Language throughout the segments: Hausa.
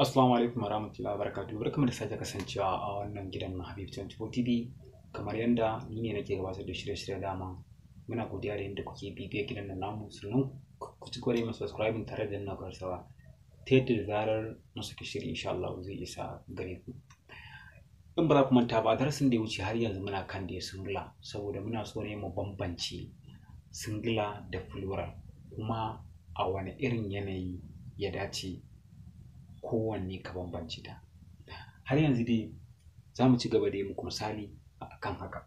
Assalamu alaikum warahmatullahi wabarakatuh. Barkamu da sake kasancewa a wannan gidan na Habib 24 TV. Kamar yanda ni ne nake gabatar da shirye-shirye dama. Muna godiya da yanda kuke bibiyar gidan nan namu sannan ku ci gore mu subscribing tare da na garsawa. Ta yadda zarar na saki shiri insha Allah zai isa gare ku. In ba za ku manta ba darasin da ya wuce har yanzu muna kan da singular saboda muna so ne mu bambance singular da plural kuma a wani irin yanayi ya dace kowanne ka bambance ta har yanzu dai za mu ci gaba da yi muku misali a kan haka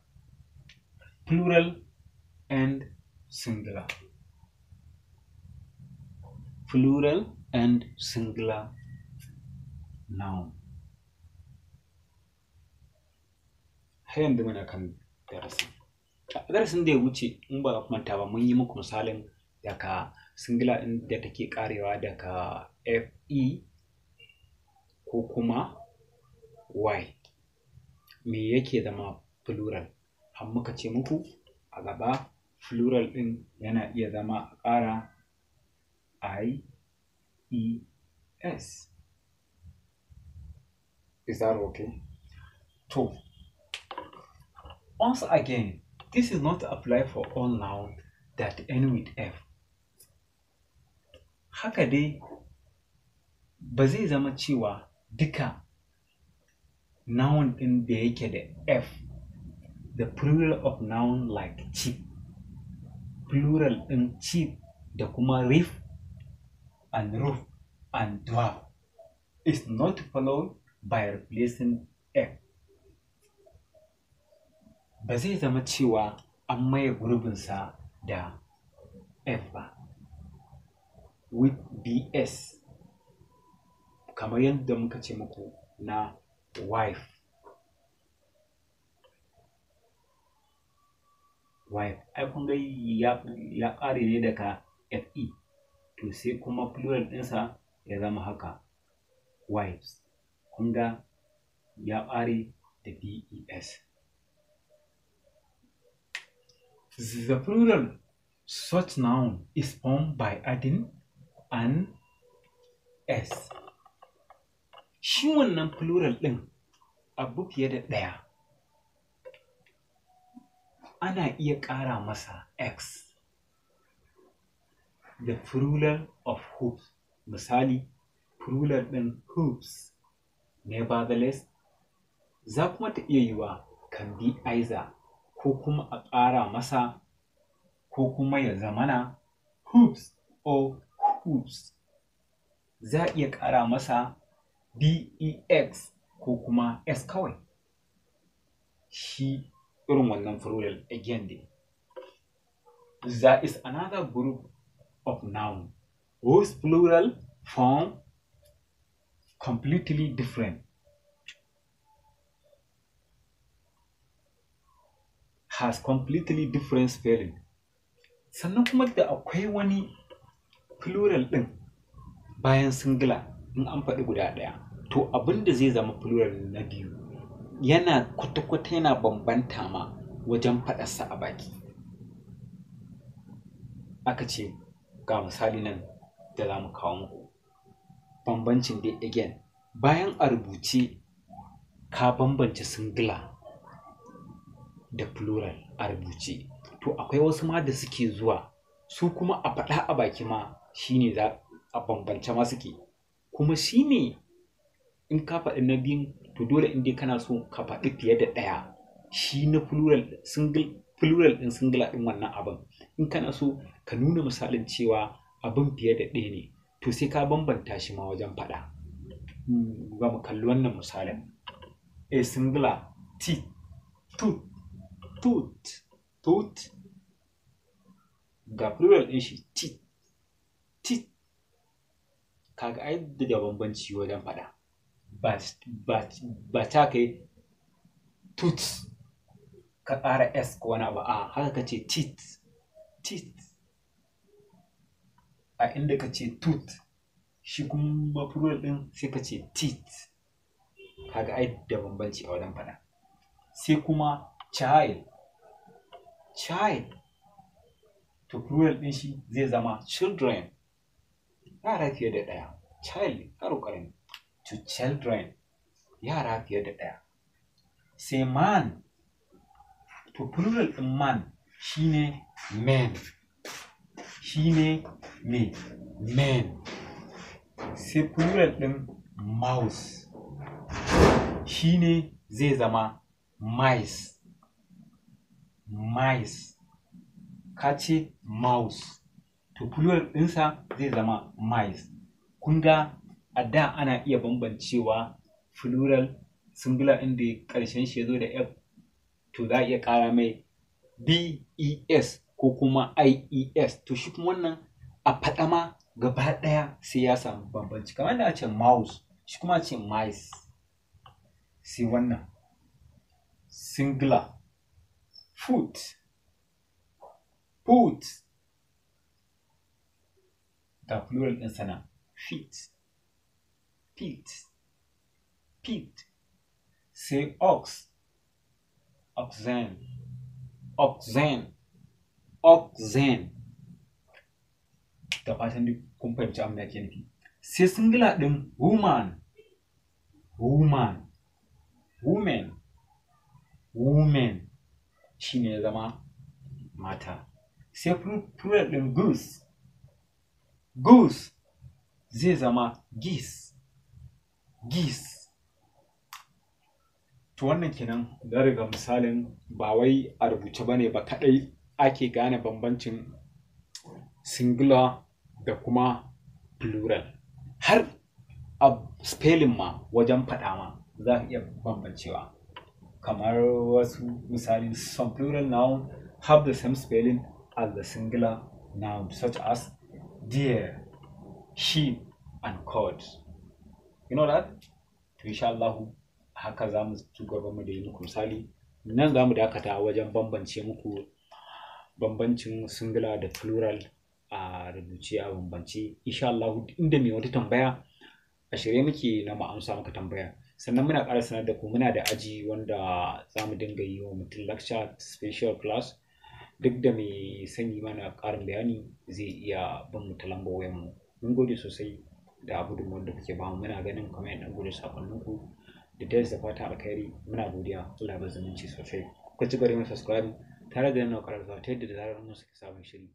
plural and singular plural and singular noun har yanzu muna kan darasin darasin da ya wuce in ba manta ba mun yi muku misalin daga singular da take karewa daga fe ko kuma y me yake zama plural har muka ce muku a gaba plural ɗin yana iya zama a ƙara i e s is that okay to once again this is not apply for all noun that end with f haka dai ba zai zama cewa duka noun ɗin da yake da f the plural of noun like cheap plural ɗin cheap da kuma reef and roof and dwarf is not followed by replacing f ba zai zama cewa an maye gurbinsa da f ba with bs kamar yadda muka ce muku na wife wife ai kun ga ya ƙare ne daga fe to sai kuma plural ɗinsa ya zama haka wives kun ga ya ƙare da des the plural such noun is formed by adding an s shi wannan plural ɗin abu fiye da ɗaya ana iya ƙara masa x the plural of hoops misali plural ɗin hoops nevertheless za kuma ta iya yiwa kan bi aiza ko kuma a ƙara masa ko kuma ya zamana hoops o hoops za a iya ƙara masa dex ko kuma s kawai shi irin wannan plural again dai there is another group of noun whose plural form completely different has completely different spelling sannan kuma da akwai wani plural ɗin bayan singular in an faɗi guda ɗaya to abin da zai zama plural na biyu yana kwata-kwata yana bambanta ma wajen faɗarsa a baki aka ce ga misali nan da za mu kawo muku bambancin dai again bayan a rubuce ka bambance singular da plural a rubuce to akwai wasu ma da suke zuwa su kuma a faɗa a baki ma shine za a bambance ma suke kuma shi ne in ka faɗi na biyun to dole in dai kana so ka faɗi fiye da ɗaya shi na plural ɗin singular ɗin wannan abin in kana so ka nuna misalin cewa abin fiye da ɗaya ne to sai ka bambanta shi ma wajen faɗa ga hmm, mu kalli wannan misalin a singular t tooth tut, tut, ga plural ɗin shi teeth kaga ai da bambanci wajen faɗa ba ta kai tut ka ƙara s ko wani abu a haka ka ce tit tit a inda ka ce tut shi kuma plural ɗin sai ka ce tit kaga ai da bambanci a wajen faɗa sai kuma child child to plural ɗin shi zai zama children yara fiye da ɗaya child karo ƙarami to children yara fiye da ɗaya sai man to plural ɗin man shine men shine me men sai plural ɗin mouse shine zai zama mice mice ka ce mouse to plural ɗinsa zai zama mice kun ga a da ana iya bambancewa plural singular inda ƙarshen shi ya zo da f to za a iya ƙara mai des ko kuma ies to shi kuma wannan a faɗa ma gaba ɗaya sai ya samu bambanci kamar da a ce mouse shi kuma a ce mice sai wannan singular foot foot Da plural ɗin sana fit, feet feet sai ox oxen oxen oxen da fatan duk kun fahimci abin da ke nufi sai singila ɗin woman woman women women shine ya zama mata sai plural ɗin goose goose zai zama geese geese to wannan kenan da riga misalin ba wai a rubuce bane ba kadai ake gane bambancin singular da kuma plural har a spelling ma wajen faɗa ma za ka iya bambancewa kamar wasu misali some plural noun have the same spelling as the singular noun such as dear sheep, and cod You know that? To inshallah, haka za mu ci gaba mu da yi muku misali. Nan za mu dakata wajen bambance muku bambancin singular da plural a rubuce a bambance. inshallah inda mai wata tambaya a shirye muke na mu amsa maka tambaya. sannan muna ƙara sanar da ku muna da aji wanda za mu dinga yi wa mutum lecture special class duk da mai sanyi mana karin bayani zai iya bin mu ta wayan mu mun gode sosai da abu da kuke bamu muna ganin kuma yadda gode sakonninku da ta da fata alkhairi muna godiya Allah ba zumunci sosai ku ci gari mu subscribe tare da nan ƙarar ta yadda da zarar mun suke sabon shiri